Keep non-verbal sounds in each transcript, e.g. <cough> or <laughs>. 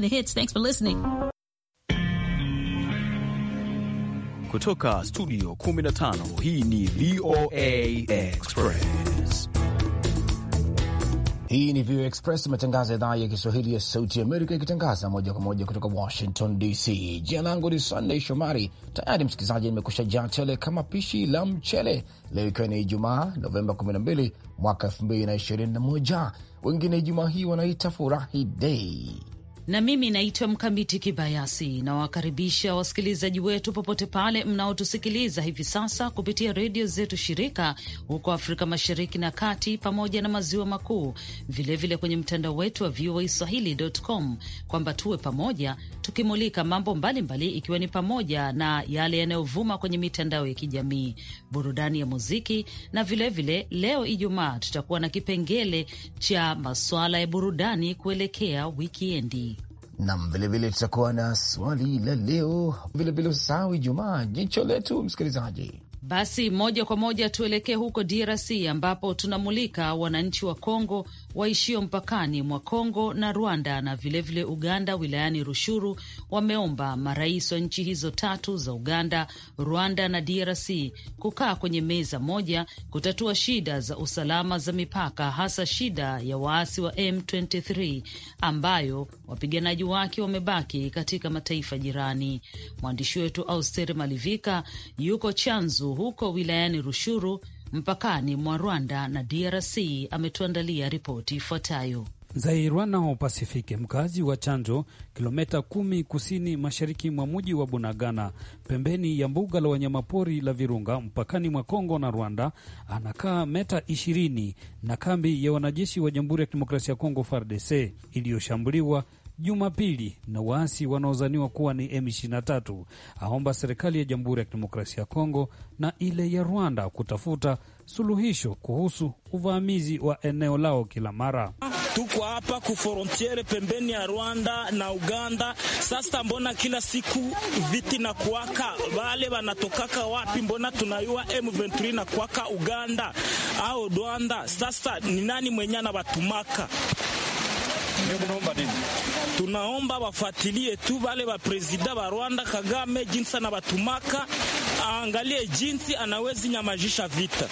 The hits. Thanks for listening. Kutoka studio 15 hii ni VOA Express. Hii ni VOA Express, matangazo ya idhaa ya Kiswahili ya Sauti Amerika, ikitangaza moja kwa moja kutoka Washington DC. Jina langu ni Sunday Shomari. Tayari msikilizaji, nimekusha jaa tele kama pishi la mchele, leo ikiwa ni Ijumaa Novemba 12 mwaka 2021, wengine Ijumaa hii wanaita furahi dei na mimi naitwa Mkamiti Kibayasi. Nawakaribisha wasikilizaji wetu popote pale mnaotusikiliza hivi sasa kupitia redio zetu shirika huko Afrika Mashariki na Kati pamoja na Maziwa Makuu, vilevile kwenye mtandao wetu wa VOA Swahili.com, kwamba tuwe pamoja tukimulika mambo mbalimbali mbali, ikiwa ni pamoja na yale yanayovuma kwenye mitandao ya kijamii, burudani ya muziki na vilevile vile, leo Ijumaa tutakuwa na kipengele cha masuala ya burudani kuelekea wikiendi. Nam, vilevile tutakuwa na swali la leo, vilevile usisahau Ijumaa jicho letu, msikilizaji. Basi moja kwa moja tuelekee huko DRC ambapo tunamulika wananchi wa Kongo waishio mpakani mwa Kongo na Rwanda na vilevile vile Uganda wilayani Rushuru wameomba marais wa nchi hizo tatu za Uganda, Rwanda na DRC kukaa kwenye meza moja kutatua shida za usalama za mipaka, hasa shida ya waasi wa M23 ambayo wapiganaji wake wamebaki katika mataifa jirani. Mwandishi wetu Auster Malivika yuko Chanzu huko wilayani Rushuru mpakani mwa Rwanda na DRC ametuandalia ripoti ifuatayo. wa Pasifike, mkazi wa Chanjo, kilomita kumi kusini mashariki mwa mji wa Bunagana, pembeni ya mbuga la wanyamapori la Virunga, mpakani mwa Kongo na Rwanda, anakaa meta ishirini na kambi ya wanajeshi wa Jamhuri ya Kidemokrasia ya Kongo, FARDC, iliyoshambuliwa Jumapili na waasi wanaozaniwa kuwa ni M23, aomba serikali ya Jamhuri ya Kidemokrasia ya Kongo na ile ya Rwanda kutafuta suluhisho kuhusu uvamizi wa eneo lao kila mara. Tuko hapa ku frontiere pembeni ya Rwanda na Uganda. Sasa mbona kila siku viti na kuwaka, wale wanatokaka wapi? Mbona tunayua M23 na kuwaka Uganda au Rwanda? Sasa ni nani mwenye anawatumaka? Tunaomba nini? Tunaomba wafuatilie tu wale wa presida wa Rwanda Kagame, jinsi anawatumaka, aangalie jinsi anawezi nyamajisha vita.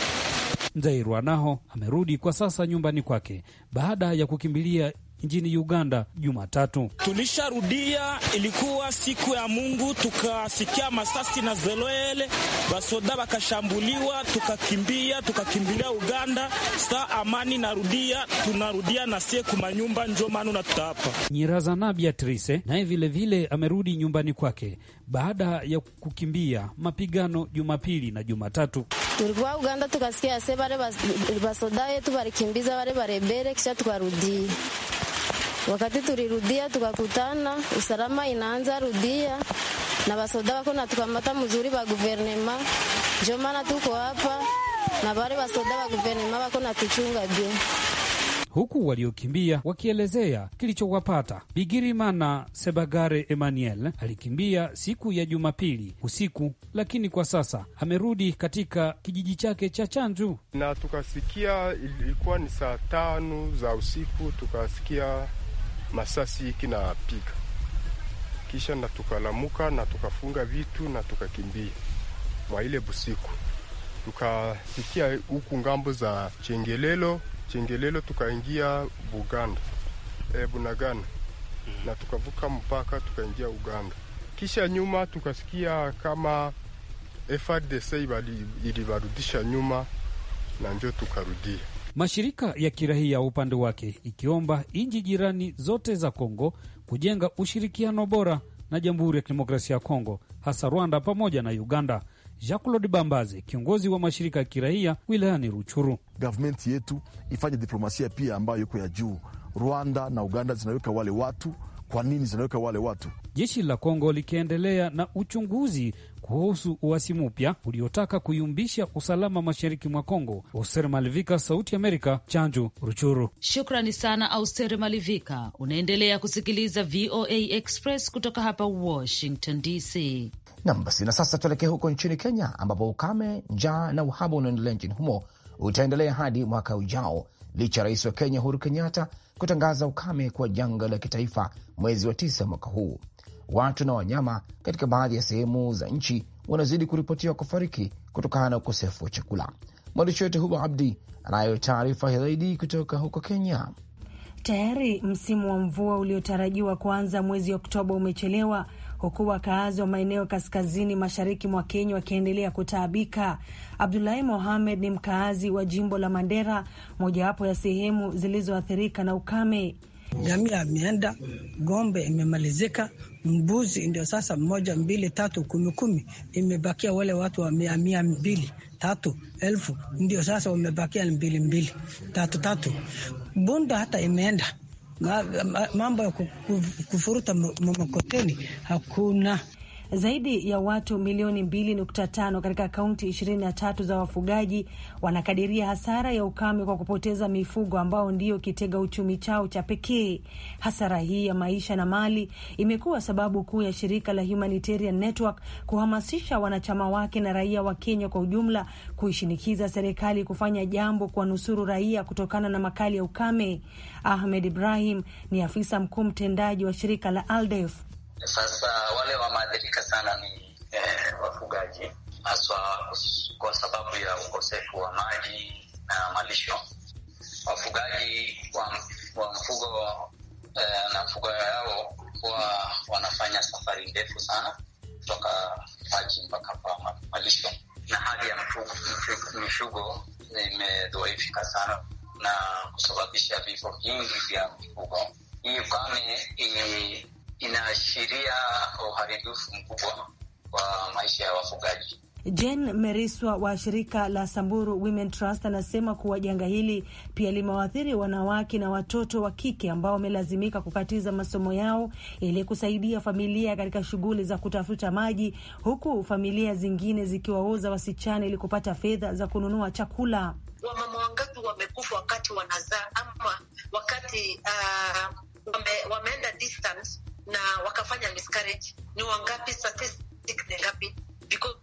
naho amerudi kwa sasa nyumbani kwake baada ya kukimbilia nchini Uganda Jumatatu. Tulisharudia, ilikuwa siku ya Mungu, tukasikia masasi na zeloele basoda bakashambuliwa, tukakimbia, tukakimbilia Uganda. saa amani narudia, tunarudia na sie kumanyumba, njo maana natutapa Nyirazana Beatrice naye vilevile amerudi nyumbani kwake baada ya kukimbia mapigano Jumapili na Jumatatu. Tulikuwa Uganda tukasikia se vale basoda yetu valikimbiza vale varebere, kisha tukarudia Wakati tulirudia tukakutana, usalama inaanza rudia na basoda wako na tukamata mzuri wa guvernema, ndio maana tuko hapa na wale basoda wa guvernema wako na tuchunga bien huku waliokimbia wakielezea kilichowapata. Bigirimana Sebagare Emmanuel alikimbia siku ya Jumapili usiku, lakini kwa sasa amerudi katika kijiji chake cha Chanju, na tukasikia ilikuwa ni saa tano za usiku, tukasikia masasi kinapiga, kisha na tukalamuka na tukafunga vitu na tukakimbia mwa ile busiku, tukafikia huku ngambo za Chengelelo Chengelelo tukaingia Buganda e, Bunagana mm-hmm. na tukavuka mpaka tukaingia Uganda. Kisha nyuma tukasikia kama FARDC ilivarudisha nyuma na njo tukarudia mashirika ya kirahia upande wake ikiomba nchi jirani zote za Kongo kujenga ushirikiano bora na Jamhuri ya Kidemokrasia ya Kongo, hasa Rwanda pamoja na Uganda. Jean Claude Bambaze, kiongozi wa mashirika ya kirahia wilayani Ruchuru: gavmenti yetu ifanye diplomasia pia ambayo iko ya juu. Rwanda na Uganda zinaweka wale watu kwa nini zinaweka wale watu? Jeshi la Kongo likiendelea na uchunguzi kuhusu uasi mpya uliotaka kuyumbisha usalama mashariki mwa Kongo. Auster Malivika, Sauti Amerika, Chanju, Ruchuru. Shukrani sana Auster Malivika. Unaendelea kusikiliza VOA Express kutoka hapa Washington DC. Nam basi, na sasa tuelekee huko nchini Kenya, ambapo ukame, njaa na uhaba unaoendelea nchini humo utaendelea hadi mwaka ujao licha ya rais wa Kenya Uhuru Kenyatta kutangaza ukame kuwa janga la kitaifa mwezi wa tisa mwaka huu. Watu na wanyama katika baadhi ya sehemu za nchi wanazidi kuripotiwa kufariki kutokana na ukosefu wa chakula. Mwandishi wetu Huba Abdi anayo taarifa zaidi kutoka huko Kenya. Tayari msimu wa mvua uliotarajiwa kuanza mwezi Oktoba umechelewa huku wakaazi wa maeneo kaskazini mashariki mwa Kenya wakiendelea kutaabika. Abdulahi Mohamed ni mkaazi wa jimbo la Mandera, mojawapo ya sehemu zilizoathirika na ukame. Jamii ameenda, ng'ombe imemalizika, mbuzi ndio sasa moja mbili, tatu, kumi kumi, imebakia wale watu wa mia mia mbili tatu elfu, ndio sasa wamebakia mbili mbili tatu tatu. Bunda hata imeenda mambo ya kufuruta mkokoteni hakuna. Zaidi ya watu milioni 2.5 katika kaunti 23 za wafugaji wanakadiria hasara ya ukame kwa kupoteza mifugo ambao ndio kitega uchumi chao cha pekee. Hasara hii ya maisha na mali imekuwa sababu kuu ya shirika la Humanitarian Network kuhamasisha wanachama wake na raia wa Kenya kwa ujumla kuishinikiza serikali kufanya jambo kuwanusuru raia kutokana na makali ya ukame. Ahmed Ibrahim ni afisa mkuu mtendaji wa shirika la Aldef. Sasa wale wameathirika sana ni eh, wafugaji haswa kwa sababu ya ukosefu wa maji na malisho. Wafugaji wa, wa mfugo eh, na mfugo yao huwa wanafanya safari ndefu sana kutoka maji mpaka pa malisho, na hali ya mifugo imedhoifika sana na kusababisha vifo vingi vya mifugo. Hii ukame inaashiria uharibifu mkubwa kwa maisha ya wafugaji. Jen Meriswa wa shirika la Samburu Women Trust anasema kuwa janga hili pia limewaathiri wanawake na watoto wa kike ambao wamelazimika kukatiza masomo yao ili kusaidia familia katika shughuli za kutafuta maji, huku familia zingine zikiwauza wasichana ili kupata fedha za kununua chakula. Wamama wangapi wamekufa wakati wanazaa ama wakati uh, wame, wameenda distance na wakafanya miscarriage ni wangapi? Statistic ni ngapi? Because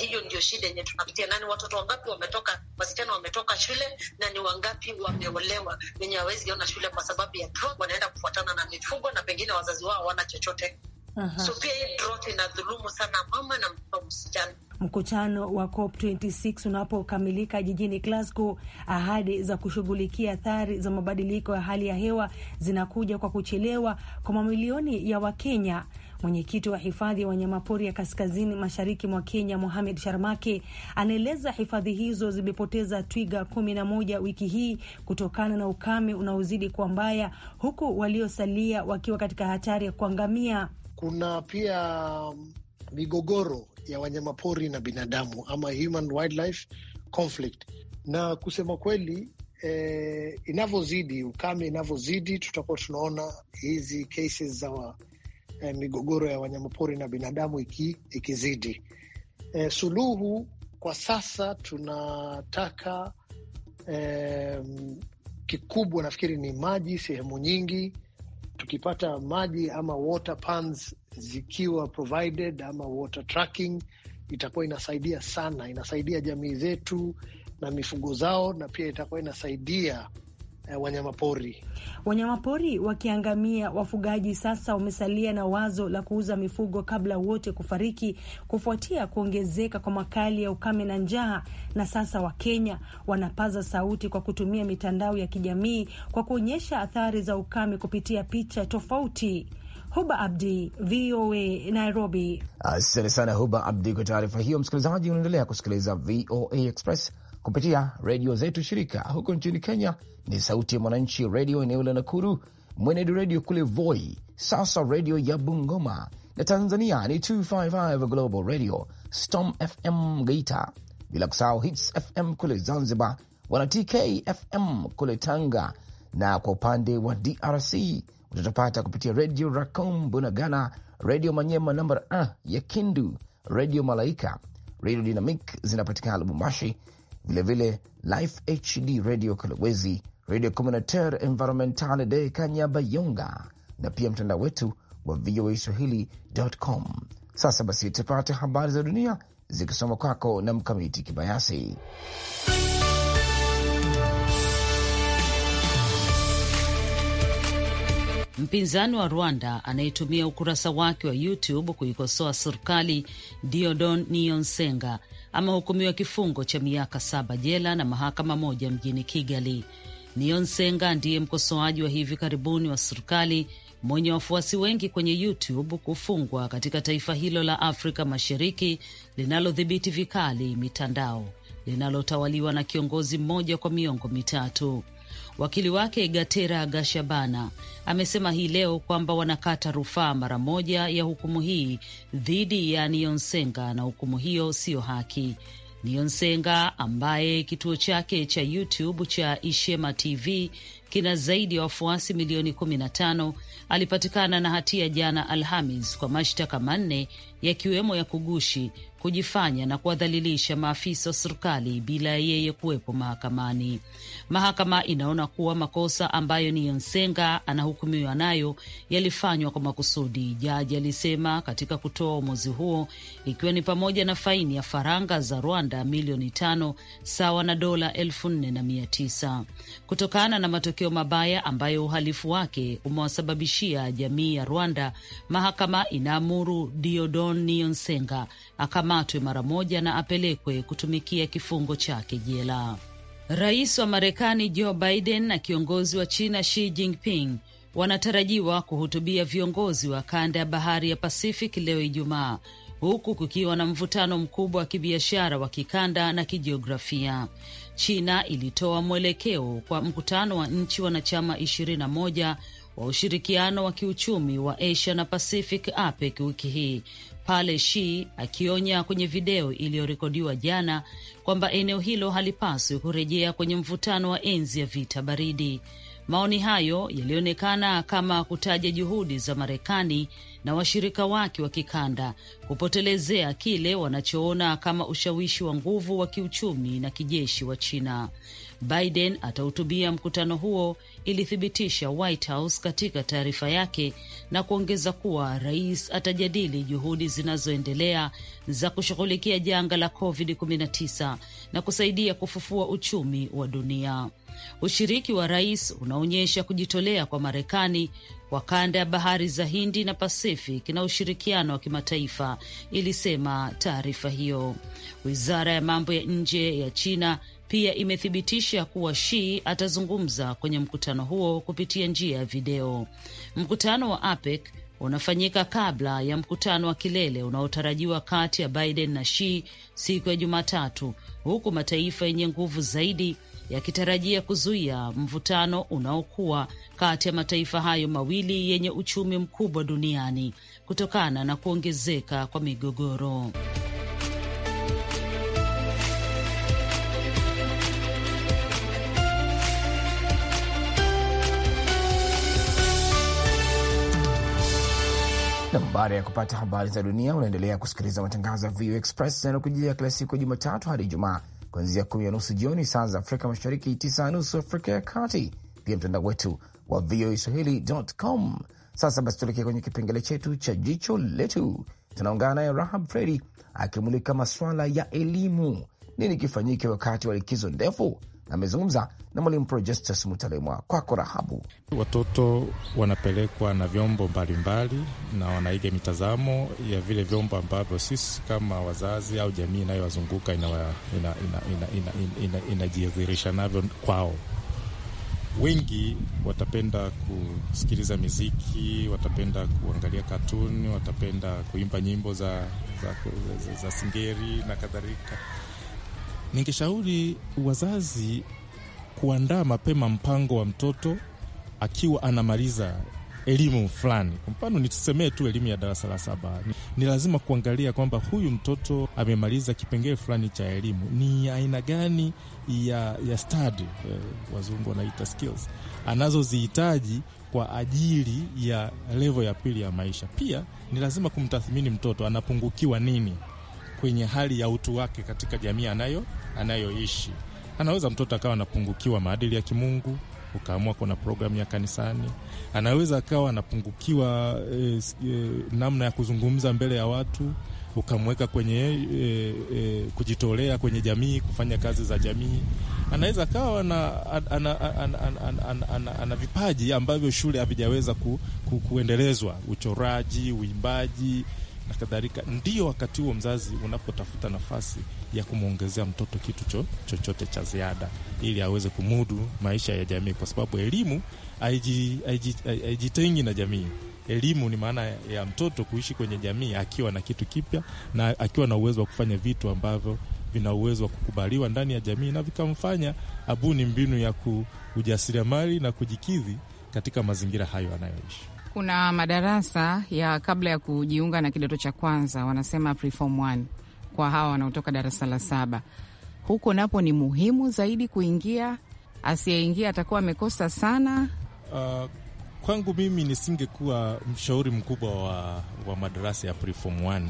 hiyo ndio shida yenye tunapitia, nani watoto wangapi wametoka, wasichana wametoka shule, na ni wangapi wameolewa wenye hawezi ona shule kwa sababu ya drug, wanaenda kufuatana na mifugo na pengine wazazi wao hawana chochote. Uh -huh. So pia hii drought inadhulumu sana mama na msichana Mkutano wa COP26 unapokamilika jijini Glasgow, ahadi za kushughulikia athari za mabadiliko ya hali ya hewa zinakuja kwa kuchelewa kwa mamilioni ya Wakenya. Mwenyekiti wa hifadhi ya wa wanyamapori ya kaskazini mashariki mwa Kenya, Mohamed Sharmake, anaeleza hifadhi hizo zimepoteza twiga kumi na moja wiki hii kutokana na ukame unaozidi kuwa mbaya, huku waliosalia wakiwa katika hatari ya kuangamia. Kuna pia migogoro ya wanyamapori na binadamu ama human wildlife conflict. Na kusema kweli eh, inavyozidi ukame, inavyozidi tutakuwa tunaona hizi cases za wa, eh, migogoro ya wanyamapori na binadamu iki, ikizidi. Eh, suluhu kwa sasa tunataka eh, kikubwa nafikiri ni maji sehemu nyingi tukipata maji ama water pans zikiwa provided ama water tracking itakuwa inasaidia sana, inasaidia jamii zetu na mifugo zao, na pia itakuwa inasaidia Eh, wanyamapori. Wanyamapori wakiangamia, wafugaji sasa wamesalia na wazo la kuuza mifugo kabla wote kufariki, kufuatia kuongezeka kwa makali ya ukame na njaa. Na sasa Wakenya wanapaza sauti kwa kutumia mitandao ya kijamii kwa kuonyesha athari za ukame kupitia picha tofauti. Huba Abdi, VOA Nairobi. Asante sana Huba Abdi kwa taarifa hiyo. Msikilizaji, unaendelea kusikiliza VOA Express kupitia redio zetu shirika. Huko nchini Kenya ni Sauti ya Mwananchi redio eneo la Nakuru, Mwenedu redio kule Voi, sasa redio ya Bungoma, na Tanzania ni 255 Global Radio, Storm FM Geita, bila kusahau Hits FM kule Zanzibar, wana TK FM kule Tanga, na kwa upande wa DRC utatapata kupitia redio Racom Bunagana, redio Manyema namba uh, ya Kindu, redio Malaika, redio Dynamic zinapatikana Lubumbashi vilevile Life HD Radio Kalowezi, Radio Communautaire Environmentale de Kanyabayonga na pia mtandao wetu wa VOA Swahili.com. Sasa basi, tupate habari za dunia zikisoma kwako na Mkamiti Kibayasi. Mpinzani wa Rwanda anayetumia ukurasa wake wa YouTube kuikosoa serikali Diodon Nionsenga amehukumiwa kifungo cha miaka saba jela na mahakama moja mjini Kigali. Niyonsenga ndiye mkosoaji wa hivi karibuni wa serikali mwenye wafuasi wengi kwenye YouTube kufungwa katika taifa hilo la Afrika Mashariki linalodhibiti vikali mitandao linalotawaliwa na kiongozi mmoja kwa miongo mitatu. Wakili wake Gatera Gashabana amesema hii leo kwamba wanakata rufaa mara moja ya hukumu hii dhidi ya nionsenga na hukumu hiyo siyo haki. nionsenga ambaye kituo chake cha YouTube cha Ishema TV kina zaidi ya wafuasi milioni 15 alipatikana na hatia jana Alhamis kwa mashtaka manne yakiwemo ya kugushi kujifanya na kuwadhalilisha maafisa wa serikali bila ya yeye kuwepo mahakamani. Mahakama inaona kuwa makosa ambayo ni yonsenga anahukumiwa nayo yalifanywa kwa makusudi, jaji alisema katika kutoa uamuzi huo, ikiwa ni pamoja na faini ya faranga za Rwanda milioni tano sawa na dola elfu nne na mia tisa kutokana na matokeo mabaya ambayo uhalifu wake umewasababishia jamii ya Rwanda. Mahakama inaamuru Diodon Niyonsenga akama akamatwe mara moja na apelekwe kutumikia kifungo chake jela. Rais wa Marekani Joe Biden na kiongozi wa China Xi Jinping wanatarajiwa kuhutubia viongozi wa kanda ya bahari ya Pacific leo Ijumaa, huku kukiwa na mvutano mkubwa wa kibiashara wa kikanda na kijiografia. China ilitoa mwelekeo kwa mkutano wa nchi wanachama 21 wa ushirikiano wa kiuchumi wa Asia na Pacific, APEC, wiki hii pale Shi akionya kwenye video iliyorekodiwa jana kwamba eneo hilo halipaswi kurejea kwenye mvutano wa enzi ya vita baridi. Maoni hayo yalionekana kama kutaja juhudi za Marekani na washirika wake wa kikanda kupotelezea kile wanachoona kama ushawishi wa nguvu wa kiuchumi na kijeshi wa China. Biden atahutubia mkutano huo, ilithibitisha White House katika taarifa yake, na kuongeza kuwa rais atajadili juhudi zinazoendelea za kushughulikia janga la COVID-19 na kusaidia kufufua uchumi wa dunia. Ushiriki wa rais unaonyesha kujitolea kwa Marekani kwa kanda ya bahari za Hindi na Pacific na ushirikiano wa kimataifa, ilisema taarifa hiyo. Wizara ya mambo ya nje ya China pia imethibitisha kuwa Shi atazungumza kwenye mkutano huo kupitia njia ya video. Mkutano wa APEC unafanyika kabla ya mkutano wa kilele unaotarajiwa kati ya Biden na Shi siku ya Jumatatu, huku mataifa yenye nguvu zaidi yakitarajia kuzuia mvutano unaokuwa kati ya mataifa hayo mawili yenye uchumi mkubwa duniani kutokana na kuongezeka kwa migogoro. na baada ya kupata habari za dunia, unaendelea kusikiliza matangazo ya VOA Express yanayokujia kila siku ya Jumatatu hadi Ijumaa kuanzia kumi na nusu jioni saa za Afrika Mashariki, tisa na nusu Afrika ya Kati, pia mtandao wetu wa VOA Swahili.com. Sasa basi, tuelekee kwenye kipengele chetu cha jicho letu. Tunaungana naye Rahab Fredi akimulika maswala ya elimu. Nini kifanyike wakati wa likizo ndefu Amezungumza na mwalimu Projestus Mutalemwa. Kwako Rahabu, watoto wanapelekwa na vyombo mbalimbali na wanaiga mitazamo ya vile vyombo ambavyo sisi kama wazazi au jamii inayowazunguka ina navyo kwao. Wengi watapenda kusikiliza miziki, watapenda kuangalia katuni, watapenda kuimba nyimbo za, za, za, za singeri na kadhalika Ningeshauri wazazi kuandaa mapema mpango wa mtoto akiwa anamaliza elimu fulani. Kwa mfano, nitusemee tu elimu ya darasa la saba, ni lazima kuangalia kwamba huyu mtoto amemaliza kipengele fulani cha elimu, ni aina gani ya, ya study eh, wazungu wanaita skills anazozihitaji kwa ajili ya levo ya pili ya maisha. Pia ni lazima kumtathmini mtoto anapungukiwa nini kwenye hali ya utu wake katika jamii anayo anayoishi. Anaweza mtoto akawa anapungukiwa maadili ya kimungu ukaamua kuna programu ya kanisani. Anaweza akawa anapungukiwa e, e, namna ya kuzungumza mbele ya watu ukamweka kwenye e, e, kujitolea kwenye jamii, kufanya kazi za jamii. Anaweza akawa ana, ana, ana, ana, ana, ana, ana, ana, ana vipaji ambavyo shule havijaweza ku, ku, kuendelezwa: uchoraji, uimbaji na kadhalika. Ndio wakati huo mzazi unapotafuta nafasi ya kumwongezea mtoto kitu cho, chochote cha ziada ili aweze kumudu maisha ya jamii, kwa sababu elimu haijitengi na jamii. Elimu ni maana ya mtoto kuishi kwenye jamii akiwa na kitu kipya na akiwa na uwezo wa kufanya vitu ambavyo vina uwezo wa kukubaliwa ndani ya jamii na vikamfanya abuni mbinu ya kujasiriamali na kujikidhi katika mazingira hayo anayoishi kuna madarasa ya kabla ya kujiunga na kidato cha kwanza, wanasema preform one kwa hawa wanaotoka darasa la saba. Huko napo ni muhimu zaidi kuingia, asiyeingia atakuwa amekosa sana. Uh, kwangu mimi nisingekuwa mshauri mkubwa wa, wa madarasa ya preform one,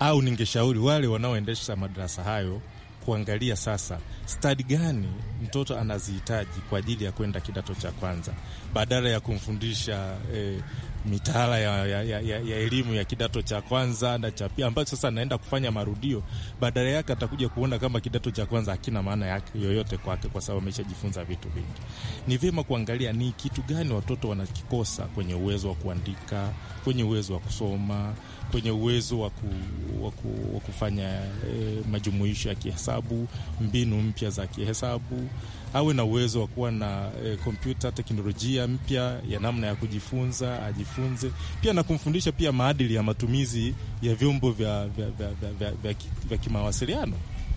au ningeshauri wale wanaoendesha madarasa hayo kuangalia sasa stadi gani mtoto anazihitaji kwa ajili ya kwenda kidato cha kwanza, badala ya kumfundisha eh, mitaala ya, ya, ya, ya elimu ya kidato cha kwanza na cha pili, ambacho sasa naenda kufanya marudio. Badala yake atakuja kuona kama kidato cha kwanza hakina maana yake yoyote kwake, kwa sababu ameshajifunza vitu vingi. Ni vyema kuangalia ni kitu gani watoto wanakikosa kwenye uwezo wa kuandika, kwenye uwezo wa kusoma, kwenye uwezo wa kufanya eh, majumuisho ya kihesabu, mbinu mpya za kihesabu awe na uwezo wa kuwa na kompyuta, eh, teknolojia mpya ya namna ya kujifunza, ajifunze pia na kumfundisha pia maadili ya matumizi ya vyombo vya, vya, vya, vya, vya, vya, vya kimawasiliano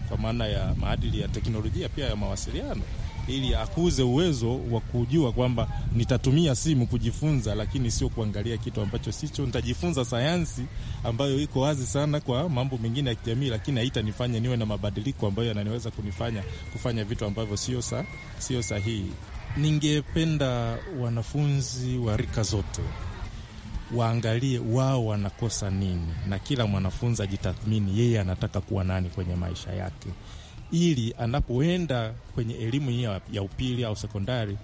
kwa maana ya maadili ya teknolojia pia ya mawasiliano ili akuze uwezo wa kujua kwamba nitatumia simu kujifunza, lakini sio kuangalia kitu ambacho sicho. Nitajifunza sayansi ambayo iko wazi sana kwa mambo mengine ya kijamii, lakini haitanifanya niwe na mabadiliko ambayo yananiweza kunifanya kufanya vitu ambavyo sio sa, sio sahihi. Ningependa wanafunzi wa rika zote waangalie wao wanakosa nini, na kila mwanafunzi ajitathmini yeye anataka kuwa nani kwenye maisha yake ili anapoenda kwenye elimu hii ya upili au sekondari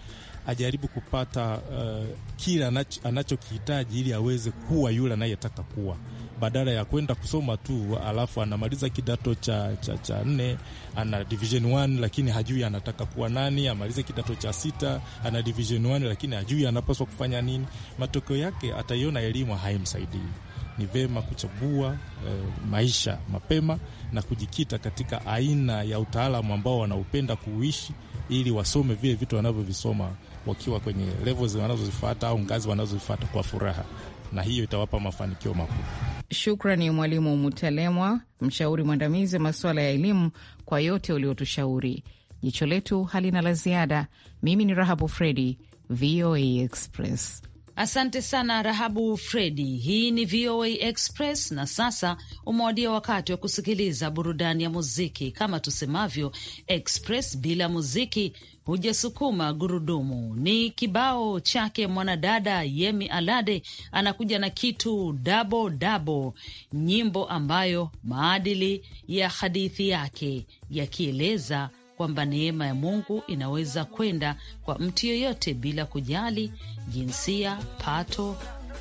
ajaribu kupata uh, kile anachokihitaji ili aweze kuwa yule anayetaka kuwa, badala ya kwenda kusoma tu alafu anamaliza kidato cha, cha, cha nne ana division 1 lakini hajui anataka kuwa nani, amalize kidato cha sita ana division 1 lakini hajui anapaswa kufanya nini. Matokeo yake ataiona elimu haimsaidii ni vema kuchagua e, maisha mapema na kujikita katika aina ya utaalamu ambao wanaupenda kuuishi, ili wasome vile vitu wanavyovisoma wakiwa kwenye levels wanazozifuata au ngazi wanazozifuata kwa furaha, na hiyo itawapa mafanikio makubwa. Shukrani Mwalimu Mutalemwa, mshauri mwandamizi wa masuala ya elimu, kwa yote uliotushauri. Jicho letu halina la ziada. Mimi ni Rahabu Fredi, VOA Express. Asante sana Rahabu Fredi. Hii ni VOA Express na sasa umewadia wakati wa kusikiliza burudani ya muziki. Kama tusemavyo, Express bila muziki hujasukuma gurudumu. Ni kibao chake mwanadada Yemi Alade, anakuja na kitu dabo dabo, nyimbo ambayo maadili ya hadithi yake yakieleza kwamba neema ya Mungu inaweza kwenda kwa mtu yeyote bila kujali jinsia, pato,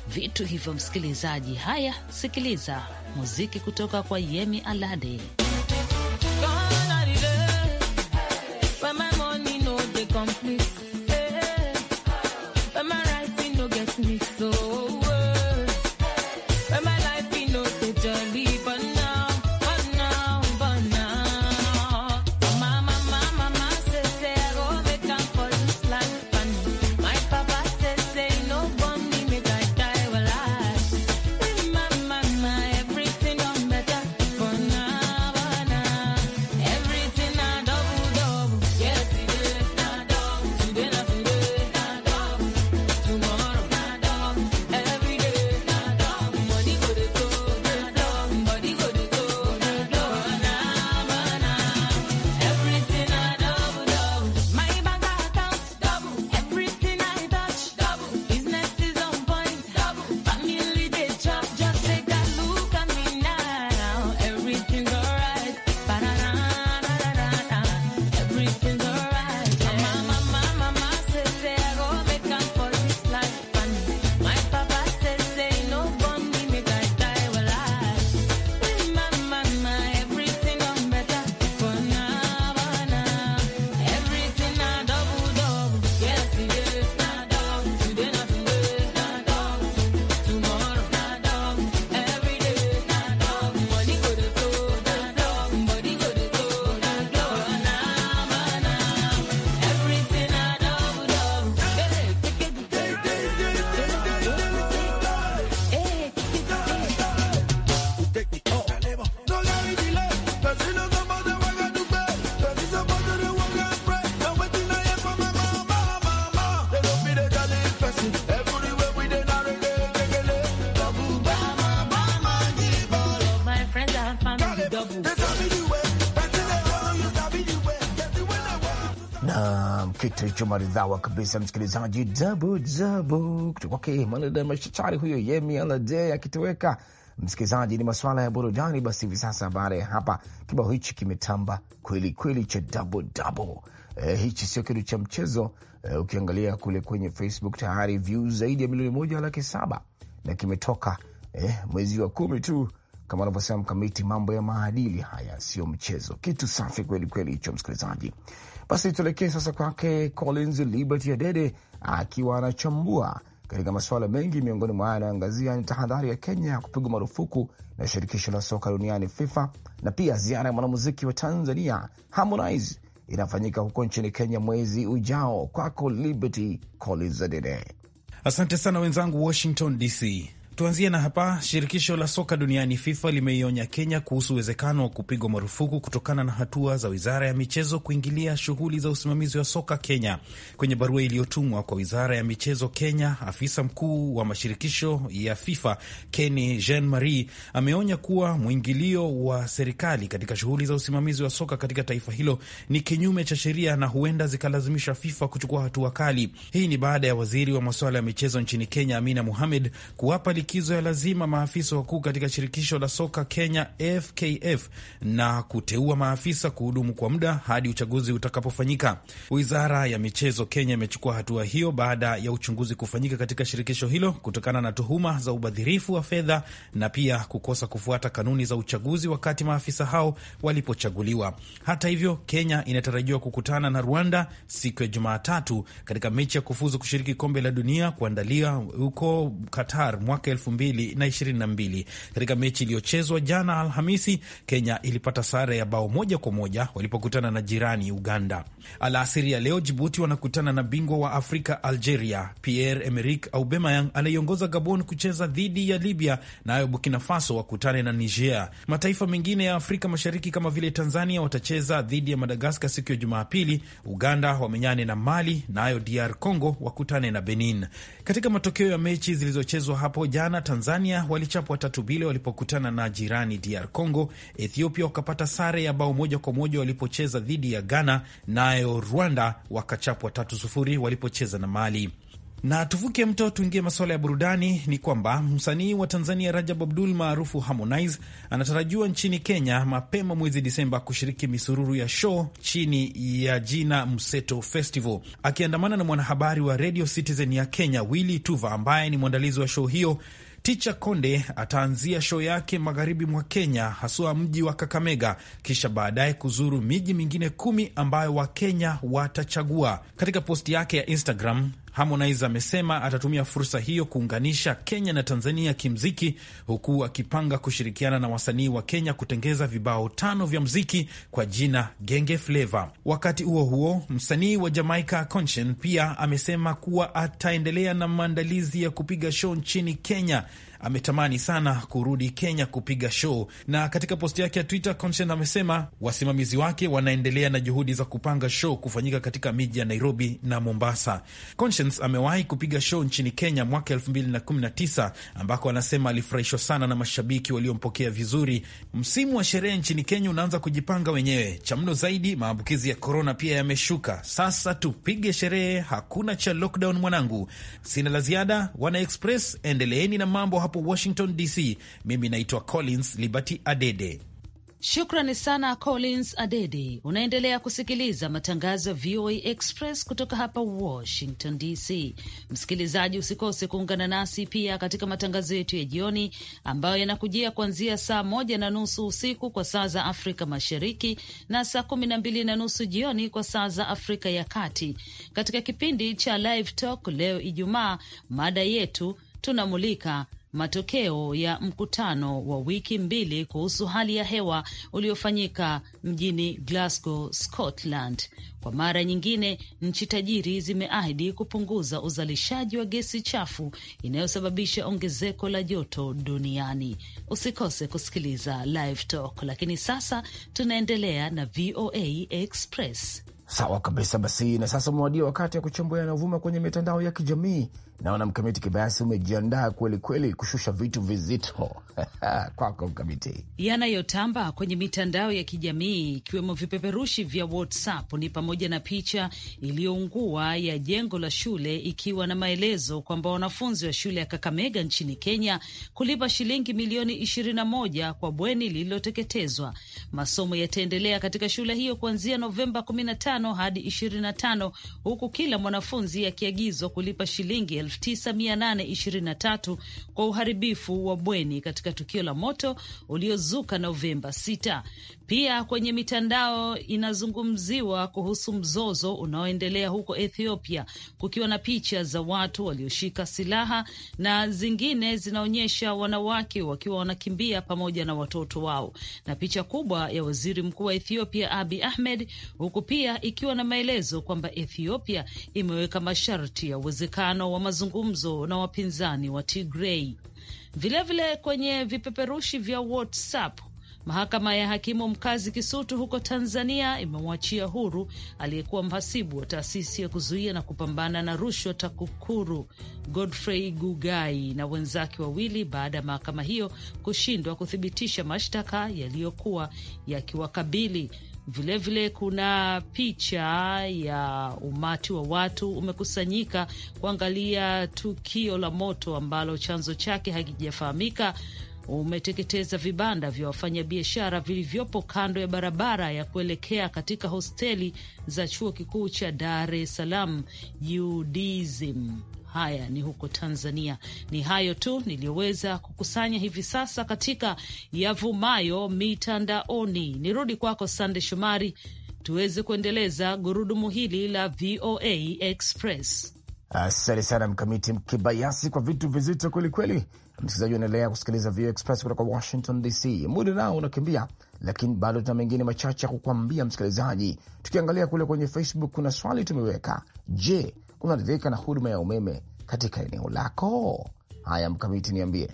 vitu hivyo. Msikilizaji, haya, sikiliza muziki kutoka kwa Yemi Alade. na kitu hicho maridhawa kabisa, msikilizaji. dabu dabu kutoka kwake mwanada mashachari huyo Yemi Alade akitoweka. Msikilizaji, ni masuala ya burudani. Basi hivi sasa, baada ya hapa, kibao hichi kimetamba kweli kweli cha dabu dabu. E, hichi sio kitu cha mchezo e, ukiangalia kule kwenye Facebook tayari views zaidi ya milioni moja laki saba na kimetoka e, mwezi wa kumi tu kama anavyosema mkamiti, mambo ya maadili haya sio mchezo, kitu safi kweli kweli hicho, msikilizaji. Basi tuelekee sasa kwake Collins Liberty Adede akiwa anachambua katika masuala mengi. Miongoni mwa haya anayoangazia ni tahadhari ya Kenya ya kupigwa marufuku na shirikisho la soka duniani FIFA, na pia ziara ya mwanamuziki wa Tanzania Harmonize inafanyika huko nchini Kenya mwezi ujao. Kwako Liberty Collins Adede. Asante sana wenzangu Washington DC. Tuanzie na hapa. Shirikisho la soka duniani FIFA limeionya Kenya kuhusu uwezekano wa kupigwa marufuku kutokana na hatua za wizara ya michezo kuingilia shughuli za usimamizi wa soka Kenya. Kwenye barua iliyotumwa kwa wizara ya michezo Kenya, afisa mkuu wa mashirikisho ya FIFA Kenny Jean Marie ameonya kuwa mwingilio wa serikali katika shughuli za usimamizi wa soka katika taifa hilo ni kinyume cha sheria na huenda zikalazimisha FIFA kuchukua hatua kali. Hii ni baada ya waziri wa masuala ya michezo nchini Kenya Amina Mohamed kuwapa likizo ya lazima maafisa wakuu katika shirikisho la soka Kenya FKF na kuteua maafisa kuhudumu kwa muda hadi uchaguzi utakapofanyika. Wizara ya michezo Kenya imechukua hatua hiyo baada ya uchunguzi kufanyika katika shirikisho hilo kutokana na tuhuma za ubadhirifu wa fedha na pia kukosa kufuata kanuni za uchaguzi wakati maafisa hao walipochaguliwa. Hata hivyo, Kenya inatarajiwa kukutana na Rwanda siku ya Jumatatu katika mechi ya kufuzu kushiriki kombe la dunia kuandalia huko Qatar mwaka 2022. Katika mechi iliyochezwa jana Alhamisi, Kenya ilipata sare ya bao moja kwa moja walipokutana na jirani Uganda. Alasiri ya leo Jibuti wanakutana na bingwa wa Afrika Algeria. Pierre Emerick Aubameyang anaiongoza Gabon kucheza dhidi ya Libya, nayo na Burkina Faso wakutane na Niger. Mataifa mengine ya Afrika Mashariki kama vile Tanzania watacheza dhidi ya Madagaskar siku ya Jumapili, Uganda wamenyane na Mali, nayo na DR Congo wakutane na Benin. Katika matokeo ya mechi zilizochezwa hapo jana jana Tanzania walichapwa tatu bila walipokutana na jirani DR Congo. Ethiopia wakapata sare ya bao moja kwa moja walipocheza dhidi ya Ghana, nayo Rwanda wakachapwa tatu sufuri walipocheza na Mali. Na tuvuke mto tuingie masuala ya burudani. Ni kwamba msanii wa Tanzania Rajab Abdul maarufu Harmonize anatarajiwa nchini Kenya mapema mwezi Disemba kushiriki misururu ya show chini ya jina Mseto Festival, akiandamana na mwanahabari wa Radio Citizen ya Kenya Willy Tuva ambaye ni mwandalizi wa show hiyo. Ticha Konde ataanzia show yake magharibi mwa Kenya, haswa mji wa Kakamega, kisha baadaye kuzuru miji mingine kumi ambayo Wakenya watachagua. Katika posti yake ya Instagram Harmonize amesema atatumia fursa hiyo kuunganisha Kenya na Tanzania kimziki, huku akipanga kushirikiana na wasanii wa Kenya kutengeza vibao tano vya mziki kwa jina Genge Flava. Wakati huo huo, msanii wa Jamaica Conscience pia amesema kuwa ataendelea na maandalizi ya kupiga show nchini Kenya ametamani sana kurudi Kenya kupiga show, na katika posti yake ya Twitter Conshen amesema wasimamizi wake wanaendelea na juhudi za kupanga show kufanyika katika miji ya Nairobi na Mombasa. Conshen amewahi kupiga show nchini Kenya mwaka 2019 ambako anasema alifurahishwa sana na mashabiki waliompokea vizuri. Msimu wa sherehe nchini Kenya unaanza kujipanga wenyewe. Cha mno zaidi, maambukizi ya korona pia yameshuka. Sasa tupige sherehe, hakuna cha lockdown mwanangu. Sina la ziada, wana Express, endeleeni na mambo hapo Washington DC. Mimi naitwa Collins Liberty Adede. Shukrani sana Collins Adede. Unaendelea kusikiliza matangazo ya VOA Express kutoka hapa Washington DC. Msikilizaji, usikose kuungana nasi pia katika matangazo yetu ya jioni ambayo yanakujia kuanzia saa moja na nusu usiku kwa saa za Afrika Mashariki na saa kumi na mbili na nusu jioni kwa saa za Afrika ya Kati. Katika kipindi cha Live Talk leo Ijumaa, mada yetu tunamulika matokeo ya mkutano wa wiki mbili kuhusu hali ya hewa uliofanyika mjini Glasgow, Scotland. Kwa mara nyingine, nchi tajiri zimeahidi kupunguza uzalishaji wa gesi chafu inayosababisha ongezeko la joto duniani. Usikose kusikiliza Live Talk, lakini sasa tunaendelea na VOA Express. Sawa kabisa. Basi na sasa umewadia wakati ya kuchambua yanayovuma kwenye mitandao ya kijamii Naona Mkamiti Kibayasi umejiandaa kweli kweli kushusha vitu vizito <laughs> kwako Mkamiti. Yanayotamba kwenye mitandao ya kijamii ikiwemo vipeperushi vya WhatsApp ni pamoja na picha iliyoungua ya jengo la shule ikiwa na maelezo kwamba wanafunzi wa shule ya Kakamega nchini Kenya kulipa shilingi milioni 21 kwa bweni lililoteketezwa. Masomo yataendelea katika shule hiyo kuanzia Novemba 15 hadi 25 huku kila mwanafunzi akiagizwa kulipa shilingi 9823 kwa uharibifu wa bweni katika tukio la moto uliozuka Novemba 6. Pia kwenye mitandao inazungumziwa kuhusu mzozo unaoendelea huko Ethiopia, kukiwa na picha za watu walioshika silaha na zingine zinaonyesha wanawake wakiwa wanakimbia pamoja na watoto wao, na picha kubwa ya waziri mkuu wa Ethiopia Abi Ahmed, huku pia ikiwa na maelezo kwamba Ethiopia imeweka masharti ya uwezekano wa mazungumzo na wapinzani wa Tigrei. Vilevile kwenye vipeperushi vya WhatsApp Mahakama ya hakimu mkazi Kisutu huko Tanzania imemwachia huru aliyekuwa mhasibu wa taasisi ya kuzuia na kupambana na rushwa TAKUKURU Godfrey Gugai na wenzake wawili baada ya mahakama hiyo kushindwa kuthibitisha mashtaka yaliyokuwa yakiwakabili. Vilevile vile kuna picha ya umati wa watu umekusanyika kuangalia tukio la moto ambalo chanzo chake hakijafahamika umeteketeza vibanda vya wafanyabiashara vilivyopo kando ya barabara ya kuelekea katika hosteli za chuo kikuu cha Dar es Salaam UDSM. Haya ni huko Tanzania. Ni hayo tu niliyoweza kukusanya hivi sasa katika yavumayo mitandaoni. Nirudi kwako Sande Shomari tuweze kuendeleza gurudumu hili la VOA Express. Asante sana Mkamiti Mkibayasi kwa vitu vizito kwelikweli. Msikilizaji, unaendelea kusikiliza VOA Express kutoka Washington DC. Muda nao unakimbia, lakini bado tuna mengine machache ya kukuambia msikilizaji. Tukiangalia kule kwenye Facebook kuna swali tumeweka: Je, unaridhika na huduma ya umeme katika eneo lako? Haya, Mkamiti niambie.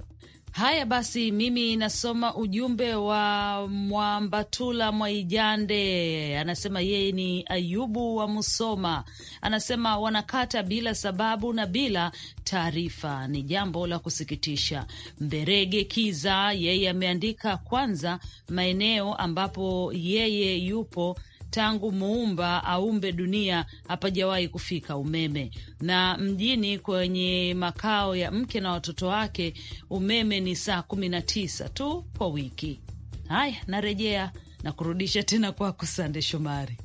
Haya basi, mimi nasoma ujumbe wa Mwambatula Mwaijande, anasema yeye ni Ayubu wa Musoma, anasema wanakata bila sababu na bila taarifa, ni jambo la kusikitisha. Mberege Kiza yeye ameandika kwanza maeneo ambapo yeye yupo tangu muumba aumbe dunia hapajawahi kufika umeme, na mjini kwenye makao ya mke na watoto wake umeme ni saa kumi na tisa tu kwa wiki. Haya, narejea na kurudisha tena kwako Sande Shomari.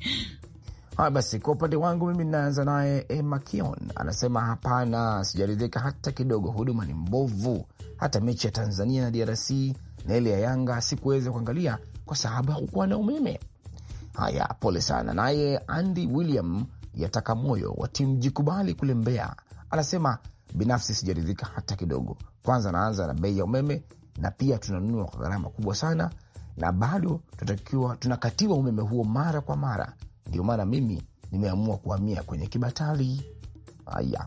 Haya basi, kwa upande wangu mimi ninaanza naye Emma Kion anasema, hapana, sijaridhika hata kidogo. Huduma ni mbovu. Hata mechi ya Tanzania na DRC na ile ya Yanga sikuweza kuangalia kwa sababu hakukuwa na umeme. Haya, pole sana. Naye Andy William yataka moyo wa timu jikubali kule Mbeya, anasema binafsi sijaridhika hata kidogo. Kwanza naanza na bei ya umeme, na pia tunanunua kwa gharama kubwa sana, na bado tunatakiwa tunakatiwa umeme huo mara kwa mara. Ndio maana mimi nimeamua kuhamia kwenye kibatali. Haya,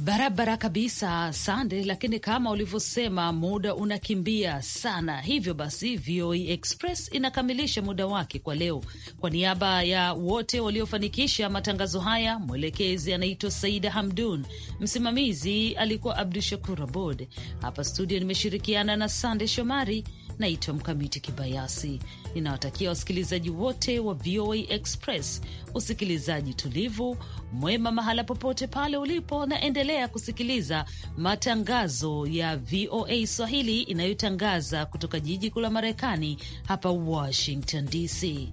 Barabara kabisa, Sande. Lakini kama ulivyosema, muda unakimbia sana, hivyo basi VOA e Express inakamilisha muda wake kwa leo. Kwa niaba ya wote waliofanikisha matangazo haya, mwelekezi anaitwa Saida Hamdun, msimamizi alikuwa Abdu Shakur Abod. Hapa studio nimeshirikiana na Sande Shomari. Naitwa Mkamiti Kibayasi, ninawatakia wasikilizaji wote wa VOA Express usikilizaji tulivu mwema mahala popote pale ulipo, na endelea kusikiliza matangazo ya VOA Swahili inayotangaza kutoka jiji kuu la Marekani, hapa Washington DC.